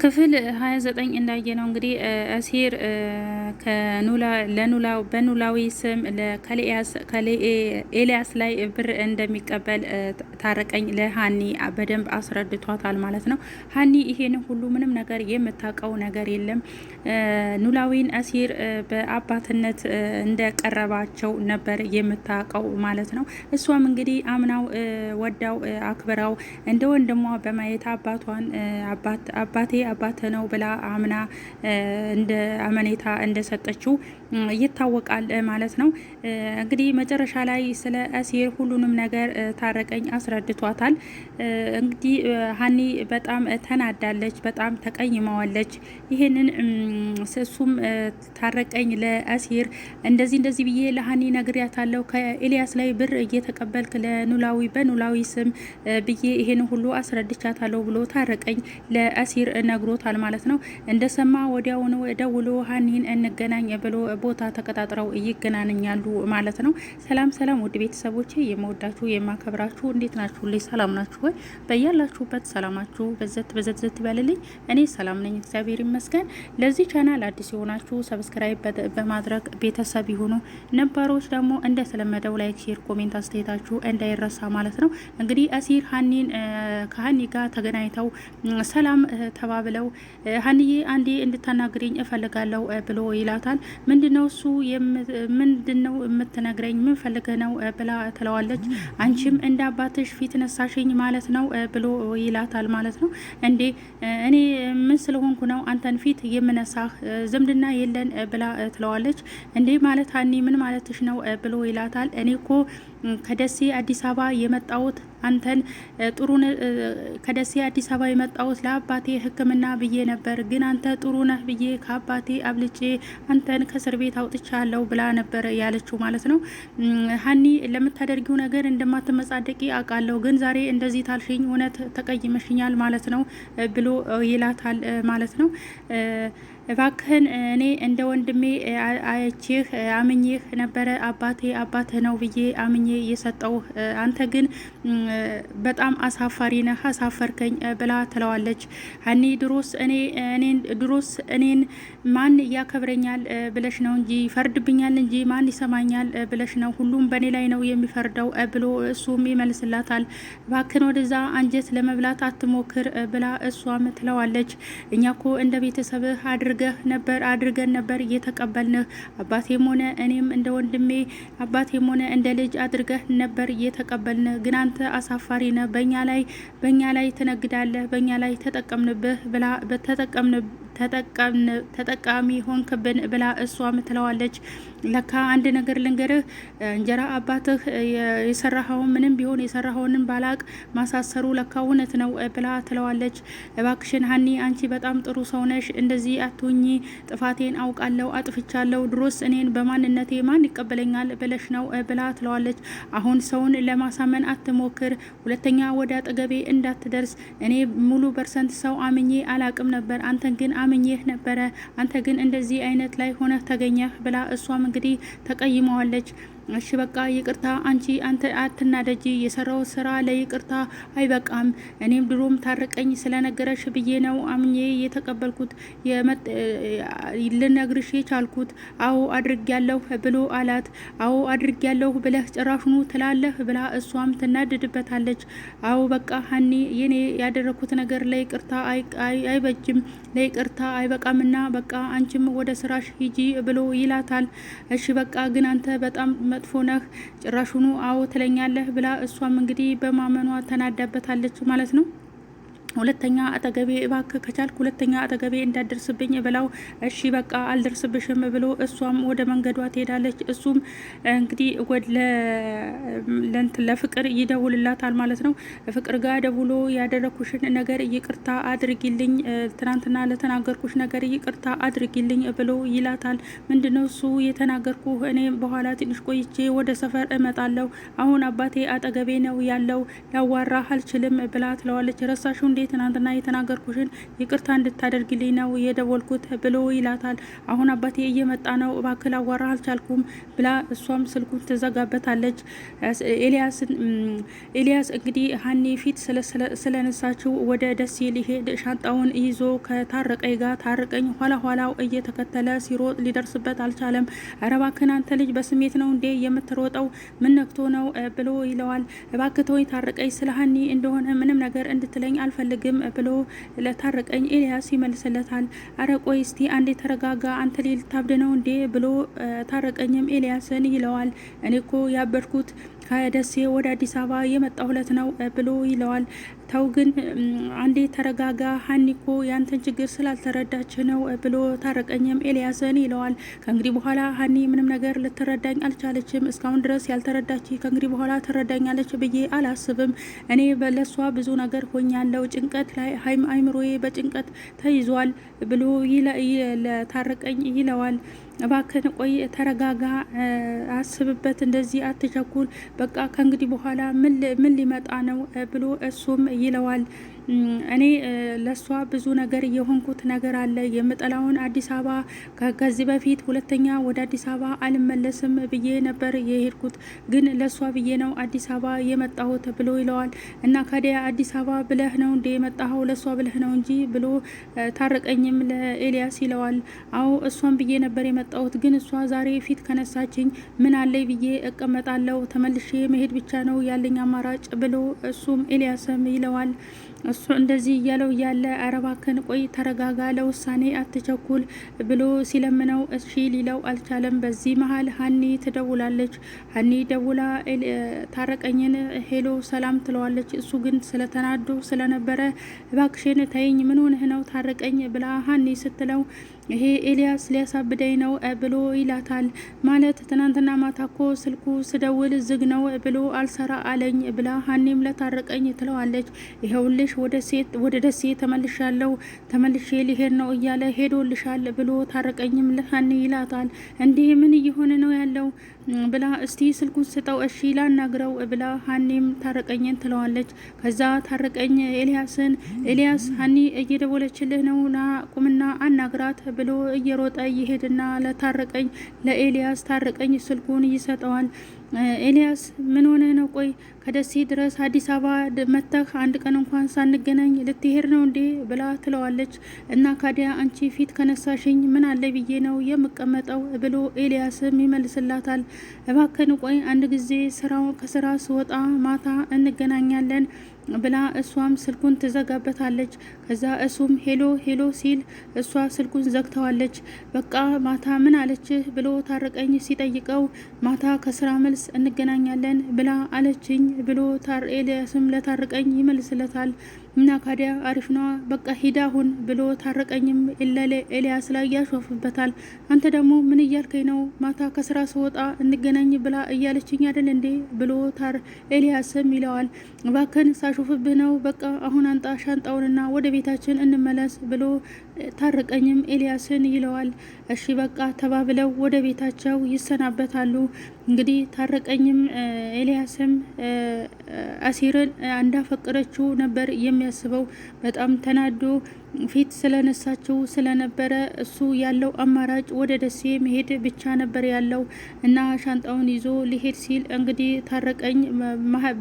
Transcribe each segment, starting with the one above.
ክፍል 29 ነው እንግዲህ አሲር ከኑላ ለኑላ በኑላዊ ስም ኤልያስ ላይ ብር እንደሚቀበል ታረቀኝ ለሀኒ በደንብ አስረድቷታል ማለት ነው። ሀኒ ይሄን ሁሉ ምንም ነገር የምታውቀው ነገር የለም። ኑላዊን አሲር በአባትነት እንደቀረባቸው ነበር የምታውቀው ማለት ነው። እሷም እንግዲህ አምናው ወዳው አክብራው እንደ ወንድሟ በማየት አባቷን አባቴ አባት ነው ብላ አምና እንደ አመኔታ እንደሰጠችው ይታወቃል ማለት ነው። እንግዲህ መጨረሻ ላይ ስለ አሲር ሁሉንም ነገር ታረቀኝ አስረድቷታል። እንግዲህ ሀኒ በጣም ተናዳለች፣ በጣም ተቀይመዋለች። ይሄንን እሱም ታረቀኝ ለአሲር እንደዚህ እንደዚህ ብዬ ለሀኒ ነግሬያታለሁ ከኤልያስ ላይ ብር እየተቀበልክ ለኑላዊ በኑላዊ ስም ብዬ ይሄን ሁሉ አስረድቻታለሁ ብሎ ታረቀኝ ለአሲር ነግሮታል ማለት ነው። እንደሰማ ወዲያውኑ ደውሎ ሀኒን እንገናኝ ብሎ ቦታ ተቀጣጥረው ይገናኛሉ ማለት ነው። ሰላም ሰላም፣ ውድ ቤተሰቦቼ የመወዳችሁ የማከብራችሁ እንዴት ናችሁ? ልይ ሰላም ናችሁ ወይ? በያላችሁበት ሰላማችሁ በዘት በዘት ዘት ይበልልኝ። እኔ ሰላም ነኝ፣ እግዚአብሔር ይመስገን። ለዚህ ቻናል አዲስ የሆናችሁ ሰብስክራይብ በማድረግ ቤተሰብ ይሁኑ። ነባሮች ደግሞ እንደተለመደው ላይክ፣ ሼር፣ ኮሜንት አስተያየታችሁ እንዳይረሳ ማለት ነው። እንግዲህ አሲር ሀኒን ከሀኒ ጋር ተገናኝተው ሰላም ተባብ ብለው ሀንዬ አንዴ እንድታናግረኝ እፈልጋለሁ ብሎ ይላታል። ምንድነው እሱ ምንድነው የምትነግረኝ ምን ፈልገ ነው ብላ ትለዋለች። አንቺም እንደ አባትሽ ፊት ነሳሽኝ ማለት ነው ብሎ ይላታል ማለት ነው። እንዴ እኔ ምን ስለሆንኩ ነው አንተን ፊት የምነሳህ? ዝምድና የለን ብላ ትለዋለች። እንዴ ማለት ሀኒ ምን ማለትሽ ነው ብሎ ይላታል። እኔ እኮ ከደሴ አዲስ አበባ የመጣሁት አንተን ጥሩ ከደሴ አዲስ አበባ የመጣሁት ለአባቴ ሕክምና ብዬ ነበር፣ ግን አንተ ጥሩ ነህ ብዬ ከአባቴ አብልጬ አንተን ከእስር ቤት አውጥቻለሁ ብላ ነበር ያለችው ማለት ነው። ሀኒ ለምታደርጊው ነገር እንደማትመጻደቂ አውቃለሁ፣ ግን ዛሬ እንደዚህ ታልሽኝ እውነት ተቀይመሽኛል ማለት ነው ብሎ ይላታል ማለት ነው። እባክህን እኔ እንደ ወንድሜ አይቼህ አምኜህ ነበረ አባቴ አባትህ ነው ብዬ አምኜ እየሰጠው አንተ ግን በጣም አሳፋሪ ነህ፣ አሳፈርከኝ ብላ ትለዋለች። ሀኒ ድሮስ እኔ እኔን ድሮስ እኔን ማን ያከብረኛል ብለሽ ነው እንጂ ይፈርድብኛል እንጂ ማን ይሰማኛል ብለሽ ነው፣ ሁሉም በእኔ ላይ ነው የሚፈርደው ብሎ እሱም ይመልስላታል። እባክህን ወደዛ አንጀት ለመብላት አትሞክር ብላ እሷም ትለዋለች። እኛ ኮ እንደ ቤተሰብህ አድርግ አድርገህ ነበር አድርገን ነበር እየተቀበልንህ። አባቴም ሆነ እኔም እንደ ወንድሜ አባቴም ሆነ እንደ ልጅ አድርገህ ነበር እየተቀበልንህ። ግን አንተ አሳፋሪ ነህ። በእኛ ላይ በእኛ ላይ ትነግዳለህ፣ በእኛ ላይ ተጠቀምንብህ ብላ ተጠቀምን ተጠቃሚ ሆንክብን ብላ እሷም ትለዋለች። ለካ አንድ ነገር ልንገርህ እንጀራ አባትህ የሰራኸውን ምንም ቢሆን የሰራኸውንም ባላቅ ማሳሰሩ ለካ እውነት ነው ብላ ትለዋለች። እባክሽን ሀኒ አንቺ በጣም ጥሩ ሰው እንደዚህ አትሁኚ። ጥፋቴን አውቃለሁ፣ አጥፍቻለሁ። ድሮስ እኔን በማንነቴ ማን ይቀበለኛል ብለሽ ነው ብላ ትለዋለች። አሁን ሰውን ለማሳመን አትሞክር፣ ሁለተኛ ወደ አጠገቤ እንዳትደርስ። እኔ ሙሉ ፐርሰንት ሰው አምኜ አላቅም ነበር አንተን ግን አመኘህ ነበረ አንተ ግን እንደዚህ አይነት ላይ ሆነህ ተገኘህ ብላ እሷም እንግዲህ ተቀይመዋለች። እሺ በቃ ይቅርታ፣ አንቺ አንተ አትናደጂ። የሰራው ስራ ለይቅርታ አይበቃም። እኔም ድሮም ታርቀኝ ስለነገረሽ ብዬ ነው አምኜ የተቀበልኩት ልነግርሽ የቻልኩት። አዎ አድርጊያለሁ ብሎ አላት። አዎ አድርጊያለሁ ብለህ ጭራሽኑ ትላለህ ብላ እሷም ትናደድበታለች። አዎ በቃ ሀኒ፣ የኔ ያደረኩት ነገር ለይቅርታ አይበጅም፣ ለይቅርታ አይበቃምና በቃ አንቺም ወደ ስራሽ ሂጂ ብሎ ይላታል። እሺ በቃ ግን አንተ በጣም መጥፎ ነህ፣ ጭራሹኑ አዎ ትለኛለህ ብላ እሷም እንግዲህ በማመኗ ተናዳበታለች ማለት ነው። ሁለተኛ አጠገቤ እባክህ ከቻልክ ሁለተኛ አጠገቤ እንዳደርስብኝ ብላው እሺ በቃ አልደርስብሽም ብሎ እሷም ወደ መንገዷ ትሄዳለች። እሱም እንግዲህ ለእንትን ለፍቅር ይደውልላታል ማለት ነው። ፍቅር ጋር ደውሎ ያደረግኩሽን ነገር ይቅርታ አድርጊልኝ፣ ትናንትና ለተናገርኩሽ ነገር ይቅርታ አድርጊልኝ ብሎ ይላታል። ምንድነው እሱ የተናገርኩ እኔ በኋላ ትንሽ ቆይቼ ወደ ሰፈር እመጣለሁ። አሁን አባቴ አጠገቤ ነው ያለው፣ ላዋራህ አልችልም ብላ ትለዋለች። ረሳሹ እንዴ ትናንትና የተናገርኩሽን ይቅርታ እንድታደርግልኝ ነው የደወልኩት ብሎ ይላታል። አሁን አባቴ እየመጣ ነው፣ እባክህ ላዋራ አልቻልኩም ብላ እሷም ስልኩን ትዘጋበታለች። ኤልያስ እንግዲህ ሀኒ ፊት ስለነሳችው ወደ ደሴ ሊሄድ ሻንጣውን ይዞ ከታረቀኝ ጋር ታርቀኝ ኋላ ኋላው እየተከተለ ሲሮጥ ሊደርስበት አልቻለም። ኧረ እባክህን አንተ ልጅ በስሜት ነው እንዴ የምትሮጠው? ምን ነክቶ ነው ብሎ ይለዋል። እባክህ ተወኝ ስለ ሀኒ እንደሆነ ምንም ነገር እንድትለኝ አልፈ አልፈልግም ብሎ ለታረቀኝ ኤልያስ ይመልስለታል። አረ ቆይ እስቲ አንዴ ተረጋጋ፣ አንተ ሌል ልታብድ ነው እንዴ ብሎ ታረቀኝም ኤልያስን ይለዋል። እኔ እኮ ያበድኩት ከደሴ ወደ አዲስ አበባ የመጣ ሁለት ነው ብሎ ይለዋል። ተው ግን አንዴ ተረጋጋ፣ ሀኒኮ ያንተን ችግር ስላልተረዳች ነው ብሎ ታረቀኝም ኤልያስን ይለዋል። ከእንግዲህ በኋላ ሀኒ ምንም ነገር ልትረዳኝ አልቻለችም። እስካሁን ድረስ ያልተረዳች ከእንግዲህ በኋላ ትረዳኛለች ብዬ አላስብም። እኔ በለሷ ብዙ ነገር ሆኛለው። ጭንቀት ላይ አይምሮዬ በጭንቀት ተይዟል ብሎ ታረቀኝ ይለዋል። እባክህን ቆይ፣ ተረጋጋ፣ አስብበት፣ እንደዚህ አትቸኩል፣ በቃ ከእንግዲህ በኋላ ምን ሊመጣ ነው ብሎ እሱም ይለዋል። እኔ ለሷ ብዙ ነገር የሆንኩት ነገር አለ። የምጠላውን አዲስ አበባ ከዚህ በፊት ሁለተኛ ወደ አዲስ አበባ አልመለስም ብዬ ነበር የሄድኩት፣ ግን ለሷ ብዬ ነው አዲስ አበባ የመጣሁት ብሎ ይለዋል። እና ከዲያ አዲስ አበባ ብለህ ነው እንደ የመጣኸው ለእሷ ብለህ ነው እንጂ ብሎ ታረቀኝም ለኤልያስ ይለዋል። አዎ እሷን ብዬ ነበር የመጣሁት፣ ግን እሷ ዛሬ ፊት ከነሳችኝ ምን አለኝ ብዬ እቀመጣለሁ? ተመልሼ መሄድ ብቻ ነው ያለኝ አማራጭ ብሎ እሱም ኤልያስም ይለዋል። እሱ እንደዚህ እያለው እያለ አረባክን ቆይ ተረጋጋ፣ ለውሳኔ አትቸኩል ብሎ ሲለምነው እሺ ሊለው አልቻለም። በዚህ መሀል ሀኒ ትደውላለች። ሀኒ ደውላ ታረቀኝን ሄሎ ሰላም ትለዋለች። እሱ ግን ስለተናዶ ስለነበረ እባክሽን ተይኝ፣ ምን ሆነህ ነው ታረቀኝ ብላ ሀኒ ስትለው ይሄ ኤልያስ ሊያሳብደኝ ነው ብሎ ይላታል። ማለት ትናንትና ማታ ኮ ስልኩ ስደውል ዝግ ነው ብሎ አልሰራ አለኝ ብላ ሀኔም ለታረቀኝ ትለዋለች። ይኸውልሽ ወደ ወደ ደሴ ተመልሻለሁ ተመልሼ ሊሄድ ነው እያለ ሄዶልሻል ብሎ ታረቀኝም ለሀኔ ይላታል። እንዲህ ምን እየሆነ ነው ያለው ብላ እስቲ ስልኩን ስጠው እሺ ላናግረው ብላ ሀኔም ታረቀኝን ትለዋለች። ከዛ ታረቀኝ ኤልያስን ኤልያስ ሀኒ እየደወለችልህ ነው ና ቁምና አናግራት ብሎ እየሮጠ ይሄድና ለታረቀኝ ለኤልያስ ታረቀኝ ስልኩን ይሰጠዋል። ኤልያስ ምን ሆነ ነው? ቆይ ከደሴ ድረስ አዲስ አበባ መተህ አንድ ቀን እንኳን ሳንገናኝ ልትሄድ ነው እንዴ? ብላ ትለዋለች። እና ካዲያ አንቺ ፊት ከነሳሽኝ ምን አለ ብዬ ነው የምቀመጠው ብሎ ኤልያስም ይመልስላታል። እባክን ቆይ አንድ ጊዜ ስራው ከስራ ስወጣ ማታ እንገናኛለን ብላ እሷም ስልኩን ትዘጋበታለች። እዛ እሱም ሄሎ ሄሎ ሲል እሷ ስልኩን ዘግተዋለች። በቃ ማታ ምን አለችህ ብሎ ታረቀኝ ሲጠይቀው ማታ ከስራ መልስ እንገናኛለን ብላ አለችኝ ብሎ ኤልያስም ለታረቀኝ ይመልስለታል። እና ካዲያ አሪፍ ነዋ በቃ ሂድ አሁን ብሎ ታረቀኝም ኤልያስ ላይ ያሾፍበታል። አንተ ደግሞ ምን እያልከኝ ነው? ማታ ከስራ ስወጣ እንገናኝ ብላ እያለችኝ አይደል እንዴ ብሎ ኤልያስም ይለዋል። እባክህን ሳሾፍብህ ነው በቃ አሁን አንጣ ሻንጣውንና ወደ ቤታችን እንመለስ ብሎ ታረቀኝም ኤልያስን ይለዋል። እሺ በቃ ተባብለው ወደ ቤታቸው ይሰናበታሉ። እንግዲህ ታረቀኝም ኤልያስም አሲርን እንዳፈቀረችው ነበር የሚያስበው። በጣም ተናዶ ፊት ስለነሳችው ስለነበረ እሱ ያለው አማራጭ ወደ ደሴ መሄድ ብቻ ነበር ያለው እና ሻንጣውን ይዞ ሊሄድ ሲል እንግዲህ ታረቀኝ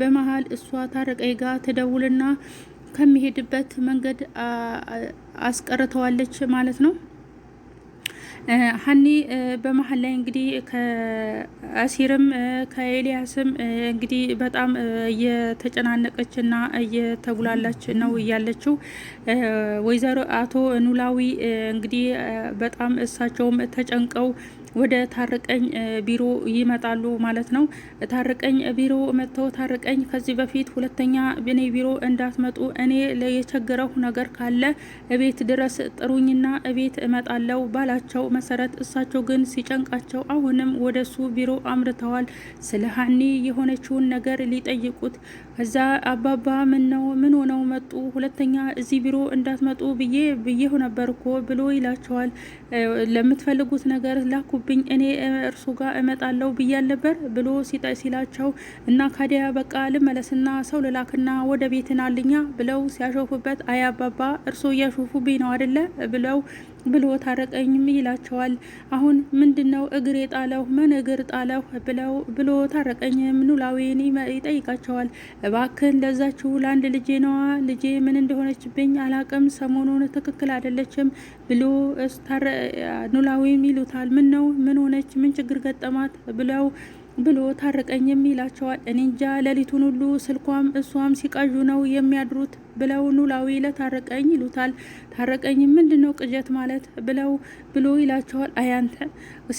በመሀል እሷ ታረቀኝ ጋር ትደውልና ከሚሄድበት መንገድ አስቀርተዋለች ማለት ነው። ሀኒ በመሀል ላይ እንግዲህ ከአሲርም ከኤልያስም እንግዲህ በጣም እየተጨናነቀች እና እየተጉላላች ነው እያለችው ወይዘሮ አቶ ኑላዊ እንግዲህ በጣም እሳቸውም ተጨንቀው ወደ ታርቀኝ ቢሮ ይመጣሉ ማለት ነው። ታርቀኝ ቢሮ መጥተው ታርቀኝ ከዚህ በፊት ሁለተኛ እኔ ቢሮ እንዳትመጡ እኔ የቸገረው ነገር ካለ እቤት ድረስ ጥሩኝና እቤት እመጣለው ባላቸው መሰረት እሳቸው ግን ሲጨንቃቸው አሁንም ወደሱ ቢሮ አምርተዋል። ስለ ሀኒ የሆነችውን ነገር ሊጠይቁት እዛ አባባ ምን ነው ምን ሆነው መጡ? ሁለተኛ እዚህ ቢሮ እንዳትመጡ ብዬ ብዬሁ ነበር እኮ ብሎ ይላቸዋል። ለምትፈልጉት ነገር ላኩብኝ እኔ እርሱ ጋር እመጣለሁ ብያል ነበር ብሎ ሲላቸው እና ካዲያ በቃ ልመለስና ሰው ልላክና ወደ ቤትን አልኛ ብለው ሲያሾፉበት አይ አባባ እርሶ እያሾፉብኝ ነው አደለ ብለው ብሎ ታረቀኝም ይላቸዋል። አሁን ምንድነው እግር የጣለው ምን እግር ጣለው ብለው ብሎ ታረቀኝም ኑላዊን ይጠይቃቸዋል። እባክን ለዛችው ለአንድ ልጄ ነዋ ልጄ ምን እንደሆነችብኝ አላቅም፣ ሰሞኑን ትክክል አይደለችም ብሎ ኑላዊም ይሉታል። ምን ነው ምን ሆነች ምን ችግር ገጠማት ብለው ብሎ ታረቀኝም ይላቸዋል። እኔ እንጃ ሌሊቱን ሁሉ ስልኳም እሷም ሲቃዡ ነው የሚያድሩት ብለው ኖላዊ ለታረቀኝ ይሉታል። ታረቀኝ ምንድን ነው ቅዠት ማለት ብለው ብሎ ይላቸዋል። አያንተ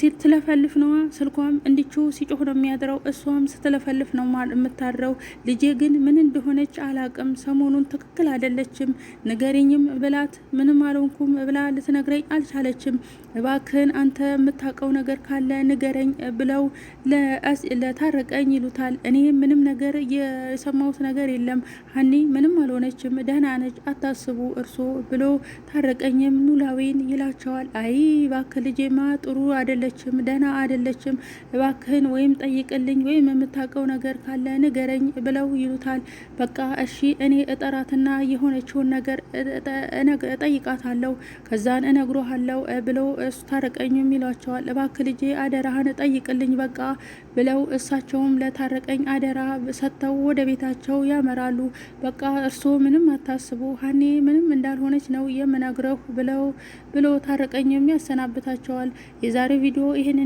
ስትለፈልፍ ነዋ። ስልኳም እንዲቹ ሲጮህ ነው የሚያድረው። እሷም ስትለፈልፍ ነው የምታድረው። ልጄ ግን ምን እንደሆነች አላቅም። ሰሞኑን ትክክል አይደለችም። ንገሪኝም ብላት ምንም አልሆንኩም ብላ ልትነግረኝ አልቻለችም። እባክህን አንተ የምታውቀው ነገር ካለ ንገረኝ ብለው ለታረቀኝ ይሉታል። እኔ ምንም ነገር የሰማሁት ነገር የለም። ሀኒ ምንም አልሆነችም፣ ደህና ነች፣ አታስቡ እርሶ ብሎ ታረቀኝም ኑላዊን ይላቸዋል። አይ እባክህ ልጄማ ጥሩ አይደለችም፣ ደህና አይደለችም፣ እባክህን ወይም ጠይቅልኝ ወይም የምታውቀው ነገር ካለ ንገረኝ ብለው ይሉታል። በቃ እሺ እኔ እጠራትና የሆነችውን ነገር እጠይቃታለሁ፣ ከዛን እነግሮሃለሁ ብሎ እሱ ታረቀኝም ይሏቸዋል። እባክህ ልጄ አደራህን ጠይቅልኝ በቃ ብለው እሳቸውም ለታረቀኝ አደራ ሰጥተው ወደ ቤታቸው ያመራሉ። በቃ እርስዎ ምንም አታስቡ፣ ሀኔ ምንም እንዳልሆነች ነው የምነግረው ብለው ብሎ ታረቀኝም ያሰናብታቸዋል። የዛሬው ቪዲዮ ይህንን